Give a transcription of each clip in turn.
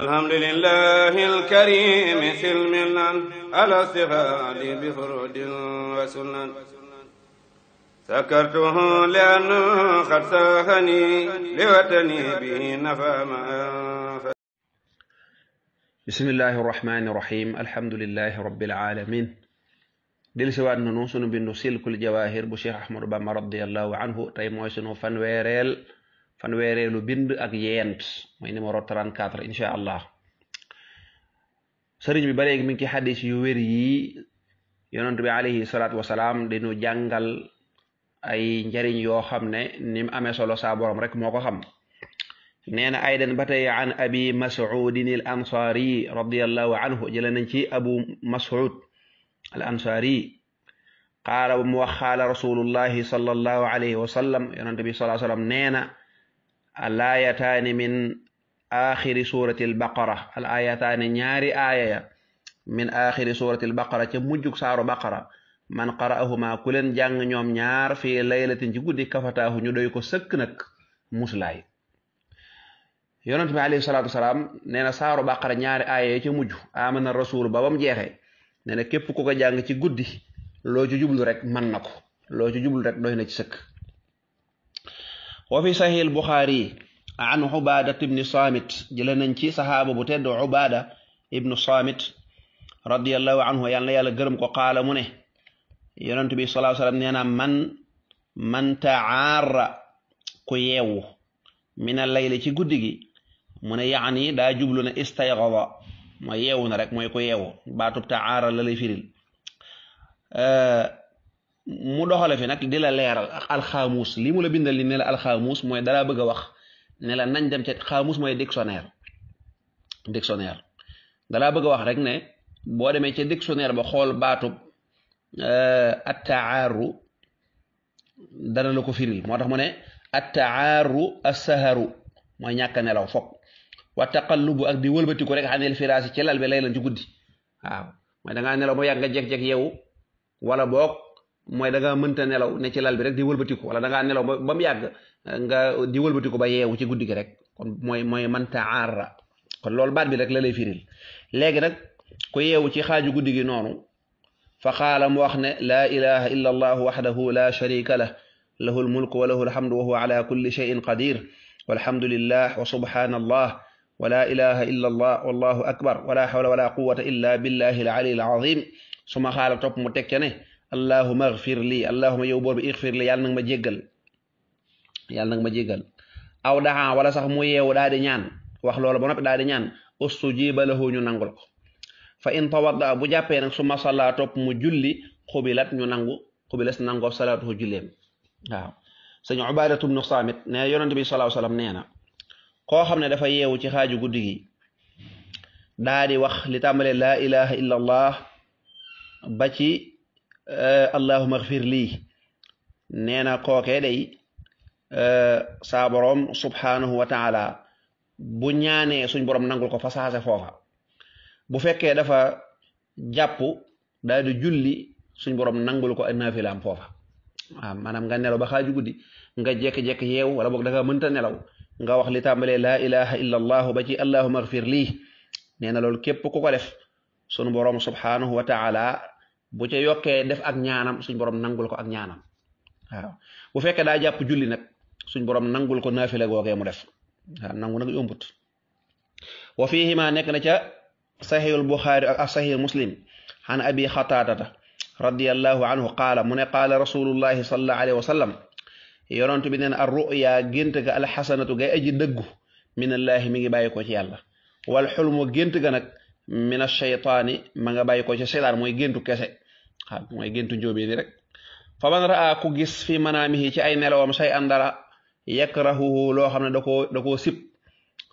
الحمد لله الكريم سلمنا على استفاد بفرود وسنن سكرته لأنه قد ساخني لوطني به نفى ما بسم الله الرحمن الرحيم الحمد لله رب العالمين del siwaat nanu sunu bindu silkul jawahir bu cheikh ahmadou bamba radiallahu anhu tey mooy sunu fanweereel fanweereelu bind ak yeent mooy numéro 34 incha allah sëriñ bi ba léegi mi ngi ci yu wér yi yonent bi alayhi salaatu wasalaam dañu jàngal ay njariñ yoo xam ne ni mu amee solo saa rek moo ko xam nee na aydan ba tey abi masudin al ansaari radiallahu anhu jële nañ ci abu masud al ansaari qaala mu wax xaala rasulullahi sallallahu alayhi wa sallam nee na alayataani min aaxiri suurati albaqara al ayataani ñaari aaya ya min aaxiri suurati albaqara ca mujjug saaru baqara man qara'ahuma ku leen jàng ñoom ñaar fi laylatin ci guddi kafataahu ñu doy ko sëkk nag muslaay yonent bi alayhi salaatu wasalaam nee na saaru baqara ñaari aaya ya ca mujj amana rasul ba bam jeexee nee na képp ku ko jàng ci guddi loo ci jublu rek man na ko loo ci jublu rek doy na ci sëkk wa fi saxiix Buxaari an Ubaadat ibni Saamit jële nañ ci saxaaba bu tedd Ubaada ibnu Saamit radiallahu anhu yàlla na yàlla gërëm ko qaala mu ne yonent bi salaa sallam nee na man man tacaara ku yeewu mina layli ci guddi gi mu ne yaani daa jublu na istayqada mooy yeewu na rek mooy ku yeewu baatub tacaara la lay firil mu doxale fi nag di la leeral alxaamuus lii mu la bindal li ne la alxaamuus mooy dalaa bëgg a wax ne la nañ dem ci xaamuus mooy dictionnaire dictionnaire dalaa bëgg a wax rek ne boo demee ci dictionnaire ba xool baatub euh, attaaru dana la ko firil moo tax mu ne attaaru assaharu mooy ñàkk nelaw foog wa taqallubu ak di wëlbatiku rek xaneel firaasi ci lal bi lay lan ci guddi waaw mooy da nelaw mu yàgg nga jekk-jekk yeewu wala boog mooy da nga mënta nelaw ne ci lal bi rek di wëlbatiku wala da ngaa nelaw ba ba mu yàgg eh, nga di wëlbatiku ba yeewu ci guddi gi rek kon mooy mooy man taara kon loolu baat bi rek la lay firil léegi nag ku yeewu ci xaaju guddi gi noonu fa qaala mu wax ne laa ilaha allah waxdahu la sharika lah lahu almulku wa lahu alhamdu wa huwa ala kulli shayin qadir walhamdulillah wa subhana allah wa la ilaha illa allah wallahu akbar wa hawla wa la illa billahi al ali al suma xaala topp mu teg allahuma agfir lii allahuma yow boor bi lii yàlla nag ma jéggal yàlla nag ma jéggal aw daxaa wala sax mu yeewu daa di ñaan wax loola ba noppi daa di ñaan ustujiba lahu ñu nangul ko fa in tawadda bu jàppee nag su ma salla topp mu julli xubilat ñu nangu xubilas nangoo salaatuhu julleem waaw sëñ Ubaadatu ne yonente bi salaahu salaam nee na koo xam ne dafa yeewu ci xaaju guddi gi daa wax li tàmbalee laa ilaha Eh, allahuma xfir lii nee na kookee day eh, saa borom subhanahu wa taala bu ñaanee suñ borom nangul ko fa saase foofa bu fekkee dafa jàpp daal di julli suñ borom nangul ko naafilaam foofa waaw maanaam nga nelaw ba xaaju guddi nga jekki-jekki yeew wala boog da mënta nelaw nga wax li tàmbalee laa ilaha illa allahu ba ci allahuma xfir lii nee na loolu képp ku ko def sunu borom subhanahu wa bu ca yokkee def ak ñaanam suñ borom nangul ko ak ñaanam waaw bu fekkee daa jàpp julli nag suñ borom nangul ko naafila googee mu def waaw nangu nag yombut wa fiihima nekk na ca saxiihul buxaari ak saxiihul muslim an abi xataatata radiallahu anhu qaala mu ne qaala rasulullahi sallallahu alayhi wa sallam bi neen ar gént ga alxasanatu gay aji dëggu minallaahi mi ngi bàyyi ci yàlla wal xulmu gént ga nag min ashaytaani ma nga bàyyi ko mooy géntu kese mooy géntu njóobee di rek fa man raa ku gis fi manaamihi ci ay nelawam say an dara yakrahuhu loo xam ne da koo da koo sib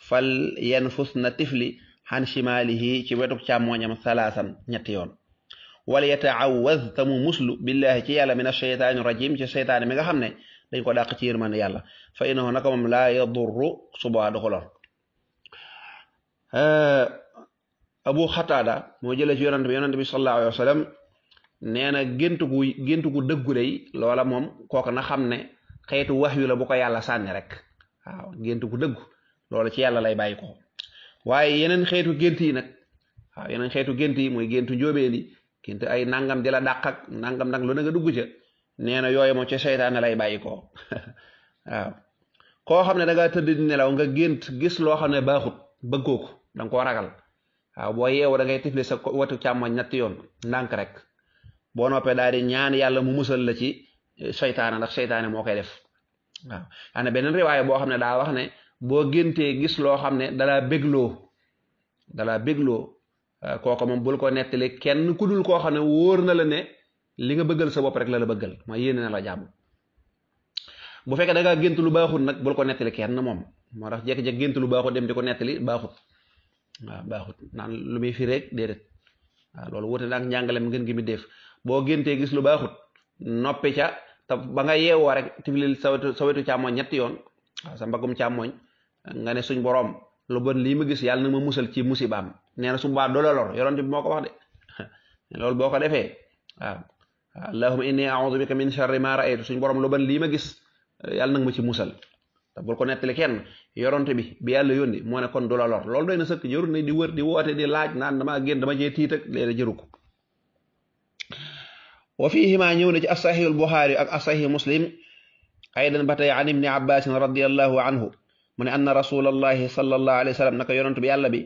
fal yanfus na tifli xan shimaalihi ci wetuk càmmooñam salaasan ñetti yoon wal yataawaz te mu muslu billahi ci yàlla min asheytaani rajim ci seytaani mi nga xam ne dañ ko dàq ci yërmande yàlla fa innahu naka moom laa yadurru subaa du ko lor abu xataada moo jëlee ci yonante bi yonante bi sallallahu alayhi nee na gént gu gént gu dëggu day loola moom kooku na xam ne xeetu wax yu la bu ko yàlla sànni rek waaw gént gu dëggu loolu ci yàlla lay bàyyikoo waaye yeneen xeetu gént yi nag waaw yeneen xeetu gént yi mooy géntu njóobeen yi gént ay nangam di la dàq ak nangam nag lu na dugg ca nee na yooyu moom ca seytaane lay bàyyikoo waaw koo xam ne da tëdd di nelaw nga gént gis loo xam ne baaxut bëggoo ko da nga koo ragal waaw boo yeewu da ngay tifli sa wotu càmmoñ ñetti yoon ndànk rek boo noppee daal di ñaan yàlla mu musal la ci eh, seytaane ndax seytaane moo koy def waaw am na beneen riwaaya boo xam ne daa wax ne boo géntee gis loo xam ne dalaa bégloo dalaa bégloo eh, kooku moom bul ko nettali kenn ku dul koo xam ne wóor na la ne li nga bëggal sa bopp rek la la bëggal mooy yéene na la jàmb bu fekkee da ngaa gént lu baaxut nag bul ko nettali kenn moom moo tax jékki-jékki gént lu baaxut dem di ko nettali baaxut waaw baaxut naan lu muy fi rek déedéet waaw loolu wute na ak njàngalem ngeen gi mi def boo géntee gis lu baaxut noppi ca te ba nga yeewoo rek tiflil sawetu sawetu càmmooñ ñetti yoon waaw sa mbagum càmmooñ nga ne suñ boroom lu bon lii ma gis yàlla na ma musal ci musibaam nee na su boobaa doo la bi moo ko wax de loolu boo ko defee waaw allahumma indi a'udhu bika min sharri ma ra'aytu suñ borom lu bon lii ma gis yàlla nag ma ci musal te bul ko nettali kenn yoronte bi bi yàlla yónni moo ne kon du la lor loolu doy na sëkk jëru na di wër di wootee di laaj naan damaa génn dama jee tiit ak léeg-léeg ko wa fiihimaa ñëw na ci asaxihu albuxaari ak asaxihu muslim aydan ba tey an ibni abbasin radiallahu anhu mu ne anna rasulallahi sallallahu alayhi wa sallam naka yonent bi yàlla bi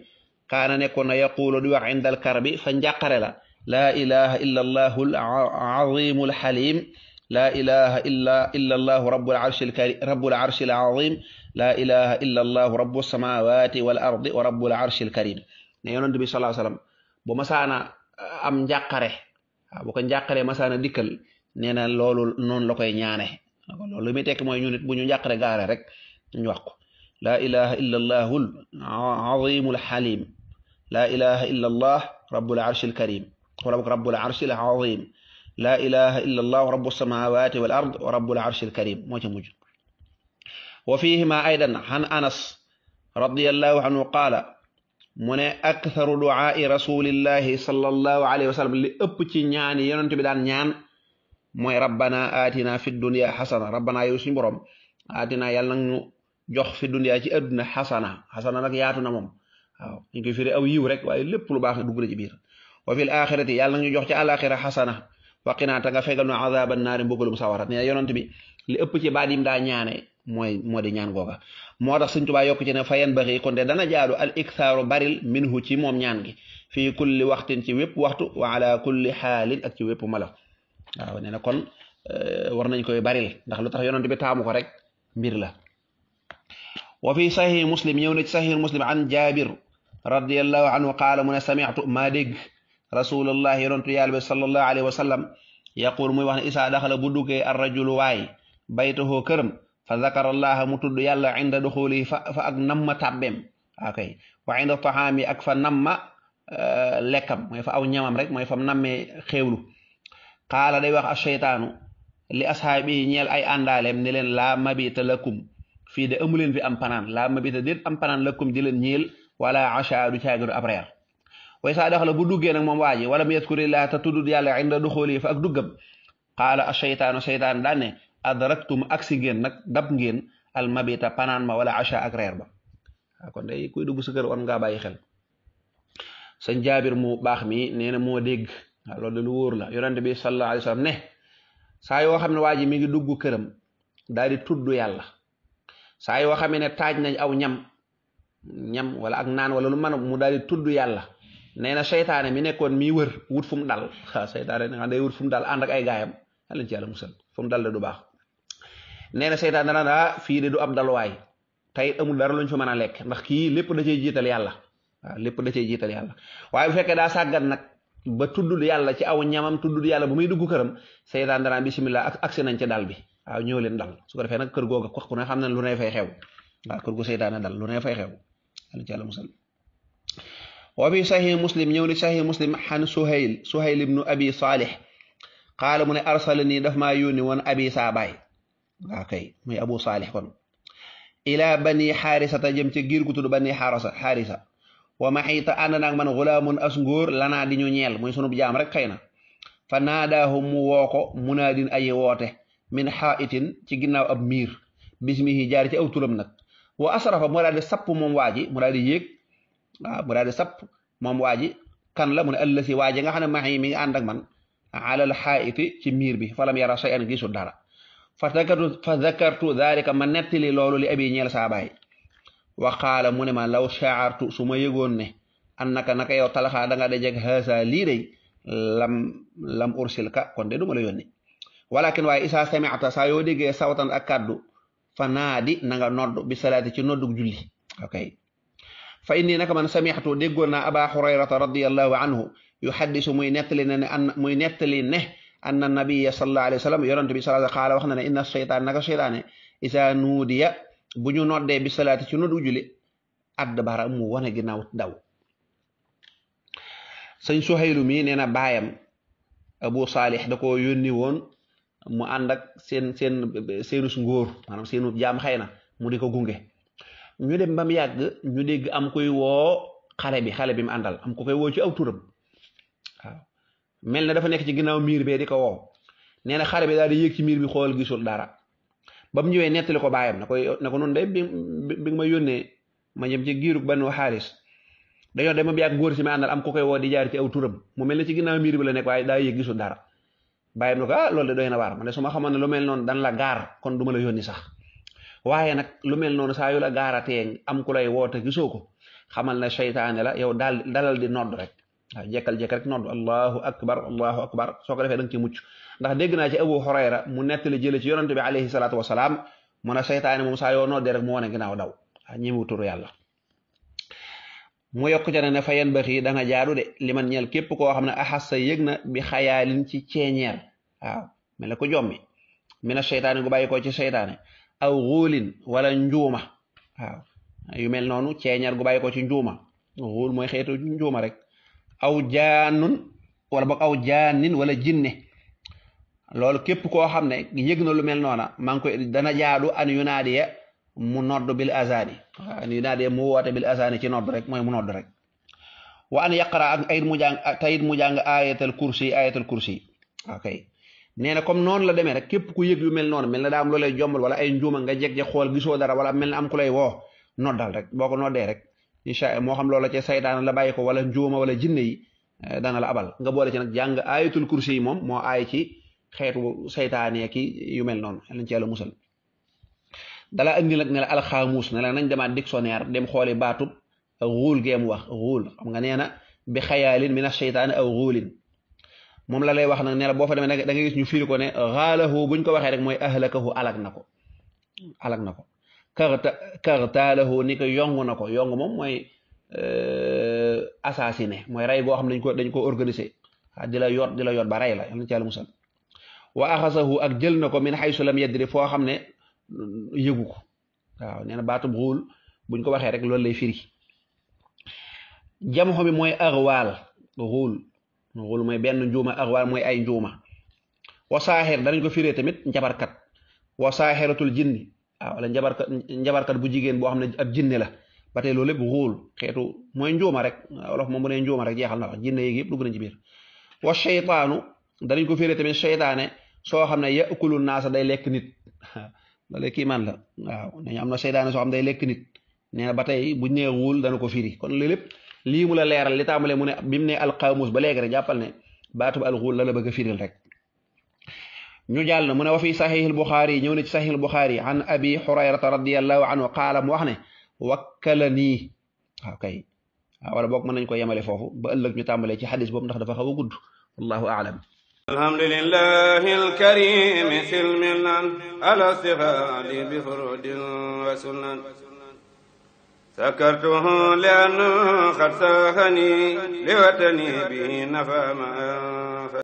kaana nekkoon na yaquulu di wax inda alkarbi fa njàqare la laa ilaha illa allahu alazimu alxalim laa ilaha illa illa allahu rabbul arshi alkarim rabbul arshi alazim laa ilaha illa allahu rabbu samawati wal ardi wa rabbul arshi alkarim ne yonent bi sallallahu alayhi wa sallam bu masaana am njàqare waaw bu ko njàqaree masaana dikkal nee na loolu noonu la koy ñaane loolu lu muy tekk mooy ñu nit bu ñu njàqare gaare rek ñu wax ko laa ilaha illa allahul azimul xalim laa ilaha illa allah rabbul arshil karim wala bok rabbul arshil azim laa ilaha illa allah rabbu samawati wal ard wa rabbul arshil karim moo ci mujj wa fihima aydan an anas radiallahu anhu qaala mu ne aktharu duaai rasulillahi sallallahu alayhi wa sallam li ëpp ci ñaani yonent bi daan ñaan mooy rabbana atina fi dunya xasana rabbana yow suñu borom atina yàlla ñu jox fi dunya ci adduna xasana xasana nag yaatu na moom waaw dañ koy firi aw yiw rek waaye lépp lu baax dugg na ci biir wa fil axirati yàlla nag ñu jox ci alaxira xasana waqinaa ta nga fegal nu azaban naari mbugalum sawara ne yonent bi li ëpp ci baat daa ñaane mooy moo di ñaan googa moo tax Sëñ Tuubaa yokk ci ne fayen baxi kon de dana jaadu al iktaaru baril minhu ci moom ñaan gi fii kulli waxtin ci wépp waxtu wa ala kulli ci wépp mala waaw kon eh, war nañ koy baril ndax lu tax yonent bi taamu ko rek mbir la wa fi saxiix muslim ñëw na ci saxiix muslim an jaabir radiallahu anhu qaala mu ne samitu maa dégg rasulullah yonentu yàlla bi sallallahu alayhi wa sallam wax ne isaa daxala bu duggee ar rajulu waay baytahoo këram fa zakarallaha mu tudd yàlla inda duxulihi fa ak namma tàbbeem akay wa ak fa namma euh, lekkam mooy fa aw ñamam rek mooy fa nammee xéewlu xaala day wax asheytaanu li ashaabi yi ñeel ay àndaaleem ni leen laa mabita lakum fii de amu leen fi am panaan laa mabita déet am panaan lakum di leen ñeel wala acha du caagiru ab reer way saa daxala bu duggee nag moom waa ji wala mu yaskurillah te tuddut yàlla inda duxulihi fa ak duggam xaala daane adraktum aksi ngeen nag dab ngeen al mabita panaan ma wala acha ak reer ba ah, kon day kuy dugg sa kër ngaa bàyyi xel sëñ jaabir mu baax mi nee na moo dégg ah, loolu lu wóor la yonent bi sallallahu alayhi ne saa yoo xam ne waa ji mi ngi dugg këram daal di tudd yàlla saa yoo xam ne taaj nañ aw ñam ñam wala ak naan wala lu mën mu daal di tudd yàlla nee na seytaane mi nekkoon mi wër wut fu mu dal na seytaane day wut fu mu dal ànd ak ay gaayam yàlla ci yàlla musal fu mu dal de du baa nee na seytaan dana daa ah, fii de du ab daluwaay tey amul dara luñ fi mën a lekk ndax kii lépp da cee jiital yàlla lépp da jiital yàlla waaye bu fekkee daa sàggan nag ba tuddul yàlla ci aw ñamam tuddul yàlla ba muy dugg këram seytaan dara bisimilah ak agsi nañ ci dal bi waaw ñëw leen dal su ko defee nag kër googa wax ku xam ne lu ne fay xew waaw kër dal lu fay xew ala ci yàlla musal wa fi sahih muslim ñëw ni sahih muslim xan suhayl suhayl ibnu abi saalih mu ne arsalani daf maa yónni woon abi saa waa ah, kay muy abu saalix kon ilaa bani xaarisata jëm ci giir gu tudd bani xaarasa xaarisa wa maxiita ànd naag man xulaamun as ngóor lanaa di ñu ñeel muy sunub jaam rek xëy na fa naadaahu mu woo munaadin ayi woote min xaa'itin ci ginnaaw ab miir bismihi jaari ci aw turam nag wa asrafa mu daal moom waa ji mu daal di yéeg waaw ah, moom waa ji kan la mu ne ëllësi waa ji nga xam ne max mi ngi man alal xaa'iti ci miir bi falam yara shay'an gisul dara fa zakartu fa zakartu ma nettali loolu li abi ñeel wa qaala mu ne ma law shaartu su ma yëgoon ne naka yow talaxaa da nga dajeg haasa lam ursilka kon de la yónni walakin waaye isaa sami'ta saa yoo déggee sawtan ak fa naadi na nga bi salaati ci noddug julli ok naka man sami'tu déggoon naa aba xurayrata radiallahu anhu yuhaddisu muy nettali ne anna nabiya sallallahu alayhi wa sallam yonent bi wax na ne inna seytaan naka seytaane isa nuudiya bu ñu noddee bi salaati ci noddu julli adbara mu wane ginnaaw daw sëñ Suhaylu mi nee na baayam Abu Saalix da koo yónni woon mu ànd ak seen seen seenus ngóor maanaam seenu jaam xëy na mu di ko gunge ñu dem ba mu ñu dégg am koy woo xale bi xale bi mu àndal am ko koy woo ci aw turam mel na dafa nekk ci ginnaaw miir bee di ko wow nee na xare bi daal di yéeg ci miir bi xool gisul dara ba mu ñëwee nettali ko baayam na koy na ko noonu day bi bi ma yónnee ma jëm ci giirug Banu Xaaris dañoo dem bi ak góor si ma àndal am ku koy woo di jaar ci aw turam mu mel ne ci ginnaaw miir bi la nekk waaye daa yéeg gisul dara baayam na ko ah loolu de doy na waar ma ne su ma xamoon ne lu mel noon dan la gaar kon du ma la yónni sax waaye nag lu mel noonu saa yu la gaaratee am ku lay woote gisoo ko xamal na seytaane la yow daal dalal di nodd rek waaw jekkal-jekk rek nodd allahu akbar allahu akbar soo ko defee da nga ci mucc ndax dégg naa ci abu xurayra mu nettali jële ci yonante bi alayhi salaatu wasalaam mu a seytaane moom saa yoo noddee rek mu wane ginnaaw daw a ñimu turu yàlla mu yokk ca ne fa yen baxi da nga jaadu de li man ñeel képp koo xam ne sa yëg na bi xayaalin ci ceeñeer waaw mel ne ko jommi mina seytaane gu bàyyi ci seytaane aw xuulin wala njuuma waaw yu mel noonu ceeñeer gu bàyyi ko ci njuuma xuul njuuma rek aw jaanun wala boog aw jaanin wala jinne loolu képp koo xam ne yëg na lu mel noona maa ngi koy dana jaadu an yunaadiya mu nodd bil azaani an yunaadiya mu woote bil azaani ci nodd rek mooy mu nodd rek wa an yaqra ak ayit mu jàng tayit mu jàng ayatal kursi ayatal kursi okay nee na comme noonu la demee rek képp ku yëg yu mel noon mel na daa am loo lay jombal wala ay njuuma nga jeg ja xool gisoo dara wala mel na am ku lay woo noddal rek boo ko noddee rek incha moo xam loola ca saytaana la bàyyi ko wala njuuma wala jinne yi eh, dana la abal nga boole ci nag jàng ayatul kursi yi moom moo aay ci xeetu saytaanee ki yu mel noonu lañ ci yàlla musal dala indi nag ne la alxaamuus ne la nañ demaat dictionnaire dem xooli baatub xuul geem wax xuul xam nee na bi xayaalin min asheytaani aw xuulin moom la lay wax ne la boo fa demee da nga gis ñu fiiri ko ne xaalahu buñ ko waxee rek mooy ahlakahu alag na ko alag na ko karta kartaalahu ni ko yongu na ko yongu moom mooy eh, assassiné mooy rey boo xam ne dañ ko dañ ko organisé a ah, di yoot di la yoot ba rey la yal na ci yàlla musal ak jël na ko min xaysu lam yadri foo xam ne mm, yëgu ko waaw nee na baatub xuul buñ ko waxee rek loolu lay firi jamxo bi mooy arwaal xuul mooy benn njuuma arwaal mooy ay njuuma wa saaxir danañ ko firee tamit njabarkat wa saaxiratul jinni waaw wala njabarkat njabarkat bu jigéen boo xam ne ab jinne la ba tey loolu lépp xóol xeetu mooy njuuma rek wolof moom bu ne njuuma rek jeexal na wax jinne yéegi dugg nañ ci biir wa cheytaanu danañ ko féere tamit cheytaane soo xam ne yakulu naasa day lekk nit loolu kii man la waaw nañu am na cheytaane soo xam day lekk nit nee ba tey buñ nee xóol dana ko firi kon loolu lépp lii mu la leeral li tàmbalee mu ne bi mu ne al alqaamus ba léegi rek jàppal ne baatub alxuul la la bëgg a firil rek ñu jàll mu ne wa fi saxiixil buxaari ñëw na ci saxiixil buxaari an abi xurayrata radiallahu anhu qaala mu wax ne wakkala nii waaw kay wala boog mën nañ ko yemale foofu ba ëllëg ñu tàmbalee ci xadis boobu ndax dafa xaw a gudd wallahu aalam alhamdulillahi alkarimi silmilan ala sixaali bi furudin wa sunan sakartuhu lian xad saxani liwatani bi nafa ma